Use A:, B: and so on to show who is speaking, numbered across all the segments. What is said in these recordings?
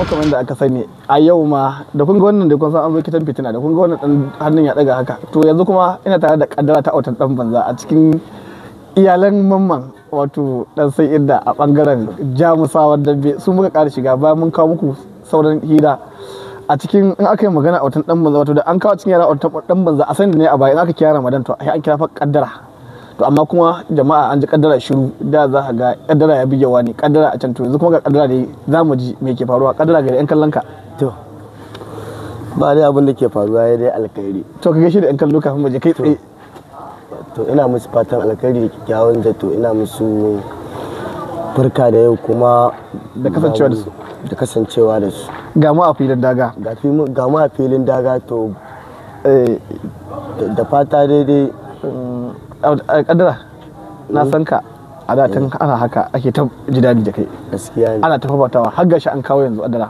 A: kuma kamar da aka sani a yau ma da kun ga wannan da kun san an zo kitan fitina da kun ga wannan dan hannun ya daga haka to yanzu kuma ina tare da kaddara ta autar dan banza a cikin iyalan mamman wato dan sai inda a bangaren jamusawar dambe su muka ƙara shiga bayan mun kawo muku sauran hira a cikin in aka yi magana a watan dan banza wato da an kawo cikin yara a watan dan banza a sani ne a bayan aka kira ramadan to ai an kira fa kaddara to amma kuma jama'a an ji kaddara shiru da za ka ga kaddara ya bigewa ne kaddara a can to yanzu kuma ga kaddara ne za mu ji me ke faruwa kaddara ga yan kallon ka to
B: ba dai abin da ke faruwa ya dai alkhairi to kage shi da yan kallo kafin mu je kai tsaye to ina musu fatan alkhairi da kyakkyawan zato ina musu farka da yau kuma da kasancewa da su da kasancewa da su ga mu a filin daga ga mu a filin daga to eh, da fata daidai kadara
A: na hmm. san ka a da tun hmm. ana haka ake ta ji da kai gaskiya ana ta har gashi an kawo yanzu kadara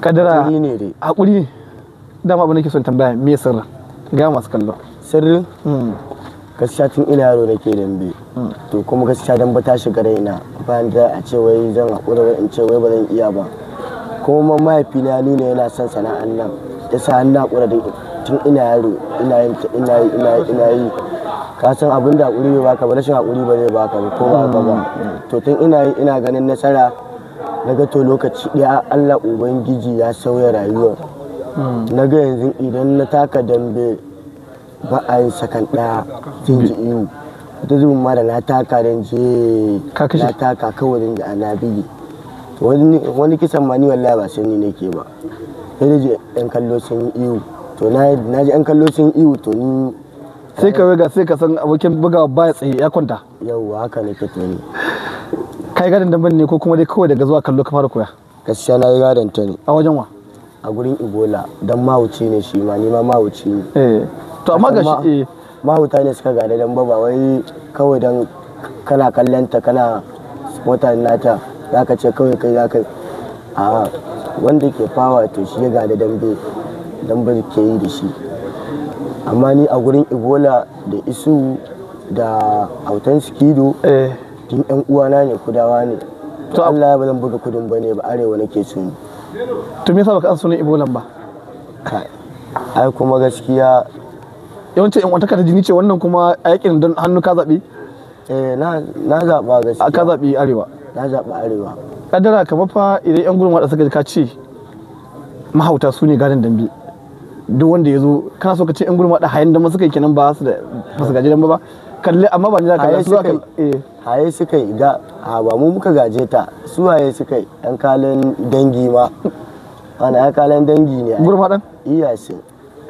A: kadara ne dai hakuri ne ma abin da ke son tambaya me sirri ga masu kallo Sirri hmm. gaskiya tun ina yaro nake
B: dambe to kuma gaskiya dan ba ta shiga raina bayan da a ce wai zan hakura wai in ce wai ba zan iya ba kuma mahaifina nuna yana son sana'an nan ya sa an haƙura da tun ina yaro ina yin ina yi ina yi ka san abin da hakuri bai baka ba rashin hakuri ba zai baka ba ko ba ba to tun ina ina ganin nasara na ga to lokaci ɗaya Allah ubangiji ya sauya rayuwar na ga yanzu idan na taka dambe ba a yi sakan ɗaya sun ji iyu ta zubin ma na taka da je na taka kawai da ana wani kisan ma ni wallahi ba sun ni nake ba sai da ji yan kallo sun iyu
A: to na ji yan kallo sun iyu to ni sai ka riga sai ka san abokin buga ba ya tsaye ya kwanta yauwa haka ne ke tuni kai gadon da ne ko kuma dai kawai daga zuwa kallo ka
B: fara koya gaskiya na yi gadon ta ne a wajen wa a gurin ibola dan mahauci ne shi ma nima ma ne
A: eh to amma ga shi
B: eh. mahauta ne suka gada dan ba wai kawai dan kana kallon ta kana wata nata zaka ce kawai kai zaka a wanda ke fawa to shi ya gada dambe dambe ke yi da shi amma ni a gurin ebola da isu da hautan sikido eh. din yan uwana ne kudawa ne to Allah ya ba zan buga kudin
A: bane ba arewa nake sun to me yasa baka an sunan ebola ba ai kuma gaskiya yawanci yan wata ta jini ce wannan kuma aikin don hannu ka zabi
B: eh na na zaba gaskiya ka
A: zabi arewa
B: na zaba arewa
A: kadara kamar fa idan yan gurin wada suka ka ce mahauta su ne gadon dambe duk wanda ya zo kana so ka ce in gurma da hayan da suka yi kenan ba su da ba su gaji dama ba kalle amma ba ni za ka yi suka
B: eh haye suka yi ga ha ba mu muka gaje ta su haye suka yi yan kalan dangi ma ana yan kalan dangi ne gurma dan iya shi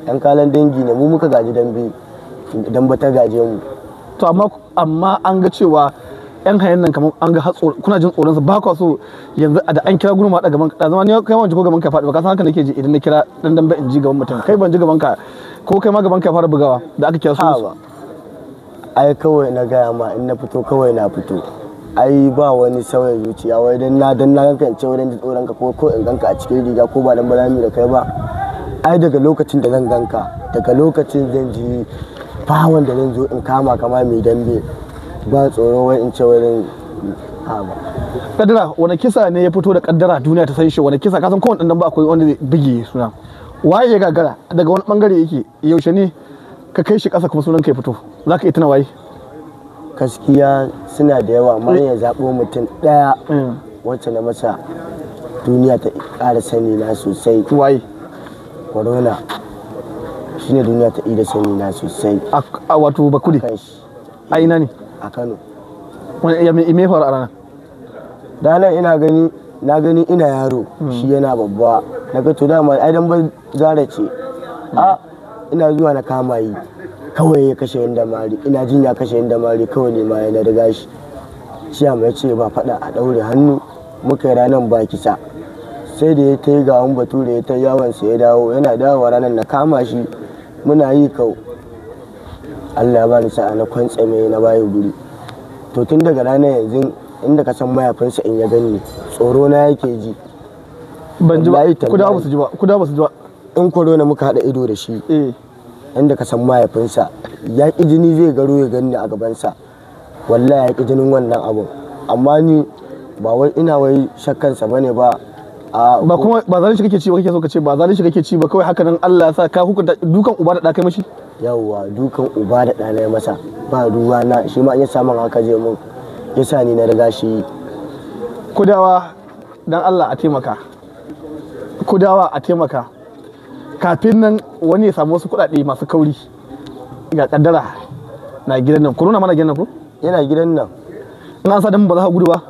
A: yan kalan dangi ne mu muka dan bi dan ba ta gaje mu to amma amma an ga cewa yan hayan nan kamar an ga kuna jin tsoron su ba ka so yanzu da an kira gurma da gaban ka zama ni kai ma ji ko gaban ka faɗi ba ka san haka nake ji idan na kira dan dambe in ji gaban mutum kai ban ji gaban ka ko kai ma gaban ka fara bugawa da aka kira su
B: ai kawai na gaya ma in na fito kawai na fito ai ba wani sauya zuciya wai dan na dan na ganka in ce wurin da tsoron ka ko ko in ganka a cikin riga ko ba dan balami da kai ba ai daga lokacin da zan ganka daga lokacin zan ji fawon da zan zo in kama kama mai dambe ba tsoron wai in ce wani
A: kaddara wani kisa ne ya fito da kaddara duniya ta san shi wani kisa kasan kowane ɗan ba akwai wanda zai bige suna waye ya gagara daga wani bangare yake yaushe ne ka kai shi ƙasa kuma sunan ka ya fito za ka yi tuna waye
B: gaskiya suna da yawa amma ya zaɓo mutum ɗaya mm. wacce na masa duniya ta ƙara sani na sosai waye corona shine duniya ta ƙara sani na sosai
A: a wato bakuri a ina ne a Kano me faru a ranar ina gani na
B: gani ina yaro shi yana babba na ga to dama ai dan ba zara ce a ina zuwa na kama yi kawai ya kashe yin damari ina jin ya kashe yin damari kawai ne ma yana riga shi shi mai ce ba fada a daure hannu muka yi ranar ba kisa sai da ya ta yi gawan bature ya ta yawon sai ya dawo yana dawowa ranar na kama shi muna yi kau allah ya bani sa'a na mai na bayi guri to tun daga rana yanzu inda ka san mayafinsa in ya gani tsoro na yake ji
A: ban ji ba kuda ba su ji
B: ba kuda ba su ji ba in corona muka haɗa ido da shi eh. inda ka san mayafinsa, ya ki jini zai garo ya gani a gabansa wallahi ya ki jinin wannan abu, amma ni ba wai ina wai shakkansa bane ba ba kuma
A: ba zalunci kake ci ba kake so ka ce ba zalunci kake ci ba kawai haka nan Allah ya sa ka hukunta dukan uba da da kai mashi
B: yawwa dukan uba da ɗana ya masa ba ruwa na shi ma ya samun haka zai mun ya sa ni na riga shi
A: kudawa dan Allah a taimaka kudawa a taimaka kafin nan wani ya samu wasu kuɗaɗe masu kauri ga kaddara na gidan nan Kuna mana gidan nan ku yana gidan nan in an sa dan ba za ka gudu ba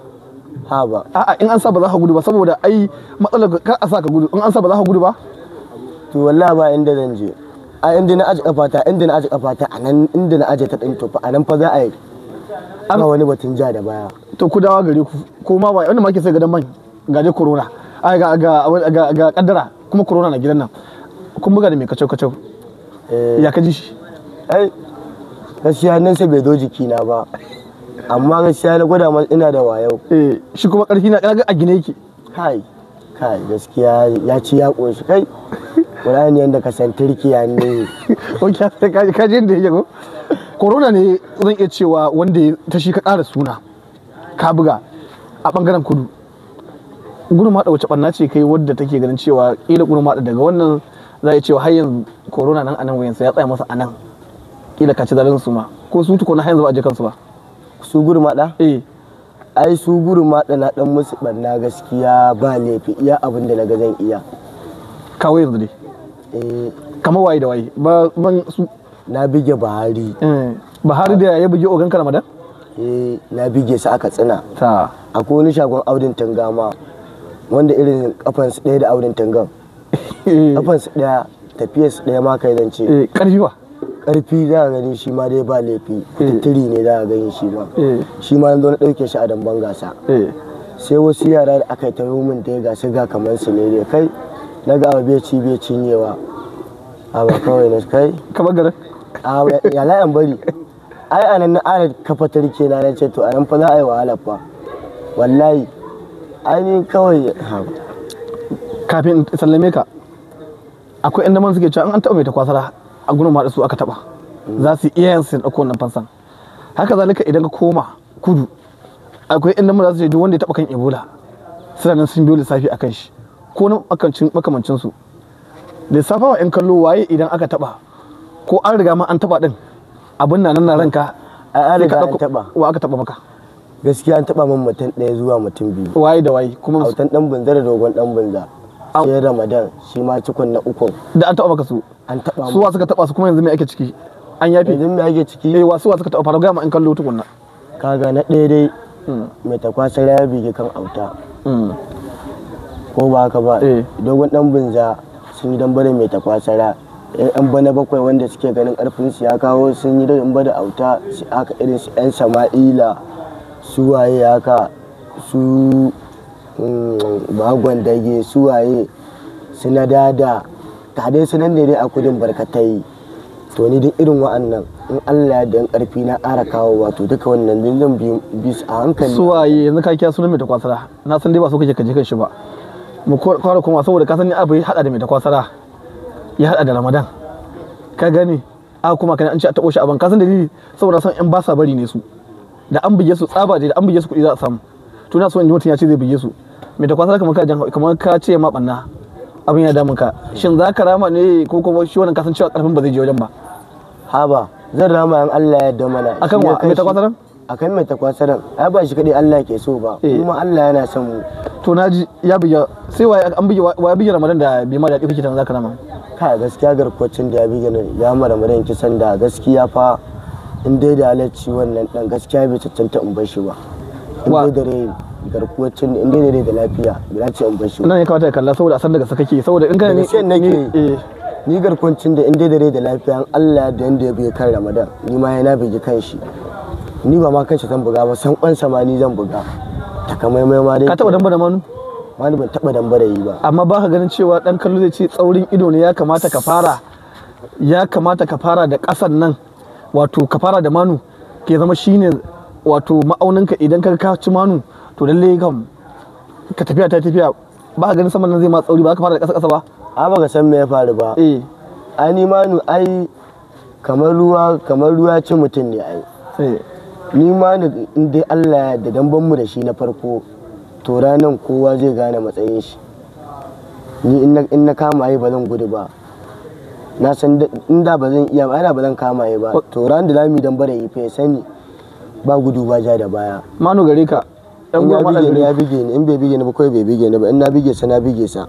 A: ha ba a'a in an sa ba za ka gudu ba saboda ai matsalar kar a sa ka gudu in an sa ba za ka gudu ba to wallahi ba inda zan je
B: a inda na aji kafata inda na aji kafata a nan inda na aje ta ɗin tofa a nan fa za a yi
A: ba wani batun ja da baya to ku dawa gare ku ko ma ba wanda ma ke sai gadon man gaje corona ai ga ga ga kaddara kuma corona na gidan nan kun buga da mai kacau kacau eh. ya ka ji shi
B: ai gaskiya nan sai bai zo jikina ba amma gaskiya na gwada ma ina da wayo eh shi kuma karfi na kaga a gine yake kai kai gaskiya ya ci ya koshi kai Qur'ani yadda ka san Turkiya
A: ne. ok ka ji da ya go? Corona ne zan iya cewa wanda ta shi ka ƙara suna. Ka buga a bangaren kudu. gudun da wace barna ce kai wadda take ganin cewa kila gurma daga wannan za a cewa har yanzu corona nan anan wayansa ya tsaya masa anan. Kila ka ci zalin su ma ko su tuko na har yanzu ba a je kansu ba. Su gudun da? Eh. ai su gudun ma na dan musu barna gaskiya ba laifi iya abin da na ga zan iya kawai yanzu dai Eh. Kama waye da waye ba man su na bige Buhari eh. bahari da ya bige ogan Karamadan
B: eh na bige sa aka tsina ta akwai wani shagon audin tangama wanda irin kafan su daya da audin tangan eh. kafan su daya tafiyar su daya ma kai zance eh karfi ba karfi za a gani shi ma dai ba laifi tiri ne za a gani shi ma shi ma zo na ɗauke shi a damban gasa sai wasu yara da aka yi ta min da ya gasa ga kamar su ne dai kai na ga bai ci bai cinyewa a ba kawai na kai kama gara a ya la'an bari ai a na ana kafatar ke na ce to nan fa za a yi wahala fa wallahi ainihin ni kawai
A: kafin sallame ka akwai inda man suke cewa an taɓa mai ta kwasara a gudun ma su aka taɓa za su iya yin su ɗauko wannan fansan haka zalika idan ka koma kudu akwai inda man za su je duk wanda ya taɓa kan ebola suna nan sun biyo lissafi a kan shi ko na makamancinsu lissafa wa 'yan kallo waye idan aka taba ko an riga ma an taba din abin na nan ranka a riga wa aka taba maka
B: gaskiya an taba min mutum ɗaya zuwa mutum biyu waye da waye kuma autan dan banza da dogon dan banza sai ramadan shi ma cikon na uku
A: da an taba maka su an taba su wa suka taba su kuma yanzu me ake ciki an yafi yanzu me ake ciki eh wa su wa suka taba fara ga ma an kallo tukunna kaga na ɗaya dai hmm. mai takwasa rabi kan auta hmm.
B: ko ba haka ba eh. dogon dan bunza sun yi dambare mai takwasara eh, yan bana bakwai wanda suke ganin karfin su ya kawo sun yi damba da auta su haka irin su yan sama'ila su waye haka su mm, bagon dage su waye su na dada ta dai nan ne dai a kudin barkatai to ni duk irin wa'annan in Allah ya da yan karfi na ƙara kawo wato duka wannan zan bi su a hankali su
A: waye yanzu ka kiya sunan mai takwasara na san dai ba su kake kaje kan shi ba mu kwara kuma saboda ka sani abu ya hada da mai takwasara ya hada da ramadan ka gani a kuma kana an ci a tabo shi a ka san dalili saboda san in ba sa bari ne su da an bige su tsaba da an bige su kuɗi za a samu to na so in ji mutum ya ce zai bige su mai takwasara kamar ka jan kamar ka ce ma banna abin ya damun ka shin za ka rama ne ko kuma shi wannan kasancewa karfin ba zai je wajen ba haba zan rama in Allah ya yarda mana akan wa mai takwasara
B: akan mai takwasaran ai ba shi kadai Allah ke so ba eh. kuma Allah yana son mu to naji ya
A: biya sai wa an biya wa biya Ramadan da bai ma da kake tana zaka rama
B: ka gaskiya garkwacin da ya nan ya ma Ramadan san da gaskiya fa in dai da halacci wannan dan gaskiya bai cancanta in bar shi ba in dai da rai garkuwacin in dai da da lafiya bai
A: ce in bar shi ba nan ya kawata kalla saboda san daga saka ke saboda in ka ne nake
B: ni eh. garkuwancin da in dai da rai da lafiya Allah da yanda ya biya kan Ramadan ni ma yana biya kan shi ni ba ma kanshi zan buga ba san kwansa ma ni zan buga takamaimai ma dai ka taba dambara manu mani
A: ban taba dambara yi ba amma ba ka ganin cewa dan kallo zai ce tsaurin ido ne ya kamata ka fara ya kamata ka fara da kasan nan wato ka fara da manu ke zama shine wato ma'auninka idan ka ka ci manu to lalle kam ka tafiya ta tafiya ba ka ganin saman nan zai ma tsauri ba ka fara da kasa kasa ba a ba ka san me ya faru ba eh ai ni
B: manu ai kamar ruwa kamar ruwa ce mutum ne ai eh. ni ma in dai Allah da damban mu da shi na farko to ranan kowa zai gane matsayin shi ni in na kama yi ba zan gudu ba na san in da ba zan iya ba ba zan kama yi ba to ran da lami dan bare fai sani ba gudu ba ja da baya manu gare ka
A: dan goma da ya
B: bige ni in bai bige ni ba kai bai bige ni ba in na bige sa na bige sa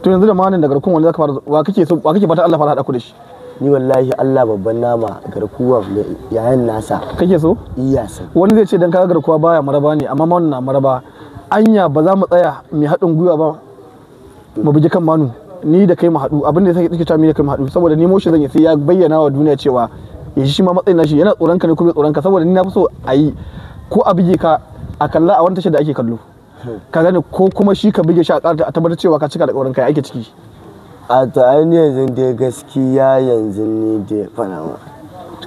A: to yanzu da manin da
B: garkun wanda zaka fara
A: wa kake so wa kake fata Allah fara hada ku da shi ni wallahi Allah babban nama garkuwa yayan nasa kake so iya so wani zai ce dan kaga garkuwa baya maraba ne amma mun na maraba anya ba za mu tsaya mu haɗin gwiwa ba mu bugi kan manu ni da kai mu haɗu abin da yake kike ta mi da kai mu haɗu saboda ni moshi zan yi sai ya bayyana wa duniya cewa ya shi ma matsayin nashi yana tsoron ka ne kuma tsoron ka saboda ni na fi so a yi ko a bige ka a kalla a wani tashar da ake kallo hmm. ka gane ko kuma shi ka bige shi a ƙarta a tabbatar cewa ka cika da ƙaurin kai ake ciki a to ainihin yanzu dai gaskiya
B: yanzu ne dai fana ma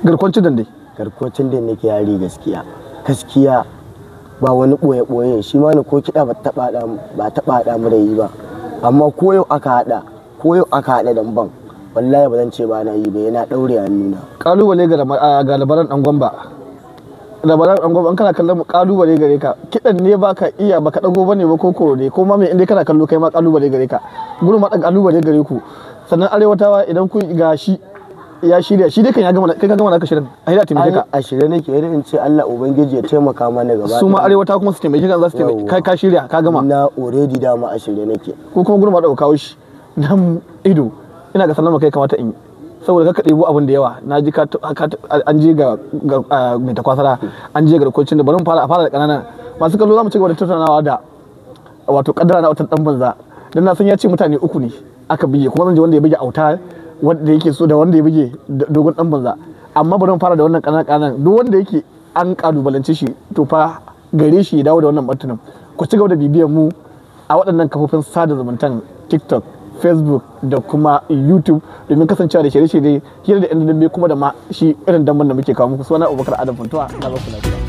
B: garkwancin da dai garkwancin da nake yari gaskiya gaskiya ba wani ɓoye ɓoye shi ma ko kiɗa ba ta da ba mu da yi ba amma ko yau aka haɗa ko yau aka haɗa dan ban wallahi ba zan ce ba na
A: yi ba yana ɗaure hannuna ƙalubale ga labaran ɗan gwamba da ba an kana kallon kalubale gare ka kidan ne baka iya baka dago bane ba koko ne ko ma me inda kana kallo kai ma kalubale gare ka gurin ma dan kalubale gare ku sannan arewatawa idan ku ga shi ya shirya shi dai kan ya gama kai ka gama naka shirin a hira taimake ka a shirye nake irin in ce Allah ubangiji
B: ya taimaka mana gaba su ma
A: arewata kuma su taimake kan za su taimake kai ka shirya ka gama na already dama a shirye nake ko kuma gurin ma dauka shi dan ido ina ga sallama kai kamata in yi saboda ka kaɗe abin da yawa na ji an je ga mai takwasara an je ga rikocin da barin mu fara a fara da ƙananan masu kallo za mu ci gaba da tattaunawa da wato ƙaddara na wata dan banza don na san ya ce mutane uku ne aka bige kuma zan ji wanda ya bige auta wanda yake so da wanda ya bige dogon dan banza amma barin mu fara da wannan ƙananan ƙananan duk wanda yake an ƙalubalance shi to fa gare shi ya dawo da wannan batunan ku ci gaba da bibiyan mu a waɗannan kafofin sada zumuntan tiktok facebook da kuma youtube domin kasancewa da shirye-shirye yadda da yan dambe kuma da ma shi irin damar da muke kawo muku suna abubakar adam funtuwa na baku lafiya